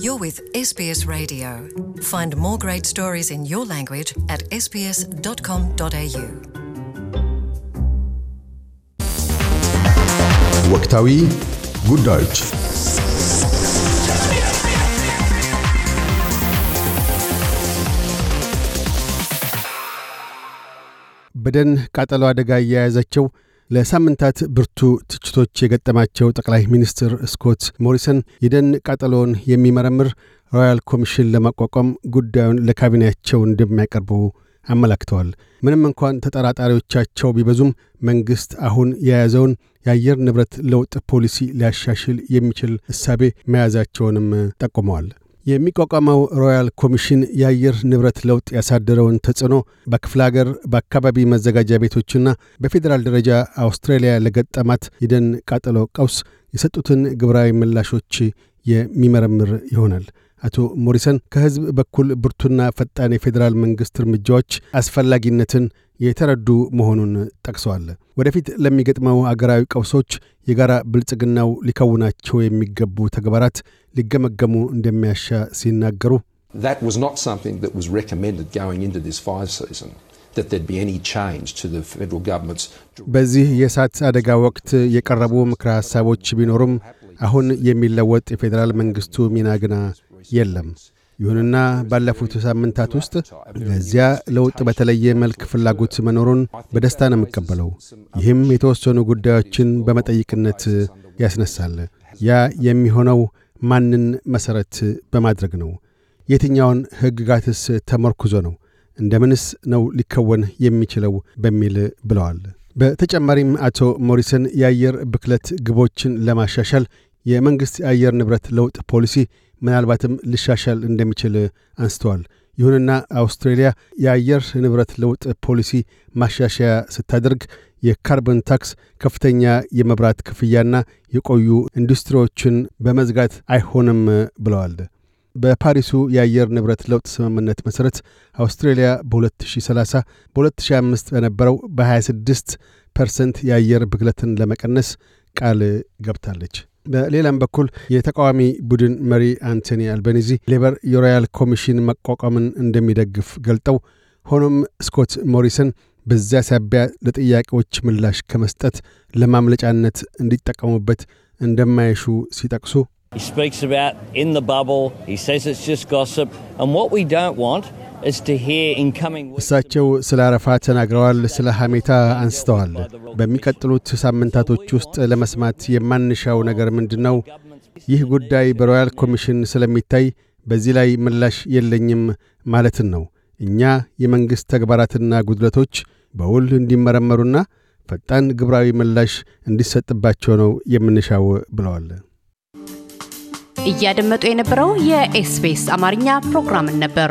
You're with SBS Radio. Find more great stories in your language at sbs.com.au. ወቅታዊ ጉዳዮች በደን ቃጠሎ አደጋ እየያዘቸው ለሳምንታት ብርቱ ትችቶች የገጠማቸው ጠቅላይ ሚኒስትር ስኮት ሞሪሰን የደን ቃጠሎውን የሚመረምር ሮያል ኮሚሽን ለማቋቋም ጉዳዩን ለካቢኔያቸው እንደሚያቀርቡ አመላክተዋል። ምንም እንኳን ተጠራጣሪዎቻቸው ቢበዙም መንግሥት አሁን የያዘውን የአየር ንብረት ለውጥ ፖሊሲ ሊያሻሽል የሚችል እሳቤ መያዛቸውንም ጠቁመዋል። የሚቋቋመው ሮያል ኮሚሽን የአየር ንብረት ለውጥ ያሳደረውን ተጽዕኖ በክፍለ አገር በአካባቢ መዘጋጃ ቤቶችና በፌዴራል ደረጃ አውስትራሊያ ለገጠማት የደን ቃጠሎ ቀውስ የሰጡትን ግብራዊ ምላሾች የሚመረምር ይሆናል። አቶ ሞሪሰን ከህዝብ በኩል ብርቱና ፈጣን የፌዴራል መንግሥት እርምጃዎች አስፈላጊነትን የተረዱ መሆኑን ጠቅሰዋል። ወደፊት ለሚገጥመው አገራዊ ቀውሶች የጋራ ብልጽግናው ሊከውናቸው የሚገቡ ተግባራት ሊገመገሙ እንደሚያሻ ሲናገሩ That was not something that was recommended going into this fire season. በዚህ የእሳት አደጋ ወቅት የቀረቡ ምክረ ሐሳቦች ቢኖሩም አሁን የሚለወጥ የፌዴራል መንግሥቱ ሚና ግና የለም። ይሁንና ባለፉት ሳምንታት ውስጥ ለዚያ ለውጥ በተለየ መልክ ፍላጎት መኖሩን በደስታ ነው የምቀበለው። ይህም የተወሰኑ ጉዳዮችን በመጠይቅነት ያስነሳል። ያ የሚሆነው ማንን መሠረት በማድረግ ነው? የትኛውን ሕግጋትስ ተመርኩዞ ነው? እንደምንስ ነው ሊከወን የሚችለው? በሚል ብለዋል። በተጨማሪም አቶ ሞሪሰን የአየር ብክለት ግቦችን ለማሻሻል የመንግሥት የአየር ንብረት ለውጥ ፖሊሲ ምናልባትም ሊሻሻል እንደሚችል አንስተዋል። ይሁንና አውስትሬልያ የአየር ንብረት ለውጥ ፖሊሲ ማሻሻያ ስታደርግ የካርቦን ታክስ፣ ከፍተኛ የመብራት ክፍያና የቆዩ ኢንዱስትሪዎችን በመዝጋት አይሆንም ብለዋል። በፓሪሱ የአየር ንብረት ለውጥ ስምምነት መሠረት አውስትሬልያ በ2030 በ2005 በነበረው በ26 ፐርሰንት የአየር ብክለትን ለመቀነስ ቃል ገብታለች። በሌላም በኩል የተቃዋሚ ቡድን መሪ አንቶኒ አልበኒዚ ሌበር የሮያል ኮሚሽን መቋቋምን እንደሚደግፍ ገልጠው ሆኖም ስኮት ሞሪሰን በዚያ ሳቢያ ለጥያቄዎች ምላሽ ከመስጠት ለማምለጫነት እንዲጠቀሙበት እንደማይሹ ሲጠቅሱ He speaks about in the bubble. He says it's just gossip. And what we don't want እሳቸው ስለ አረፋ ተናግረዋል። ስለ ሐሜታ አንስተዋል። በሚቀጥሉት ሳምንታቶች ውስጥ ለመስማት የማንሻው ነገር ምንድን ነው? ይህ ጉዳይ በሮያል ኮሚሽን ስለሚታይ በዚህ ላይ ምላሽ የለኝም ማለትን ነው። እኛ የመንግሥት ተግባራትና ጉድለቶች በውል እንዲመረመሩና ፈጣን ግብራዊ ምላሽ እንዲሰጥባቸው ነው የምንሻው ብለዋል። እያደመጡ የነበረው የኤስቢኤስ አማርኛ ፕሮግራምን ነበር።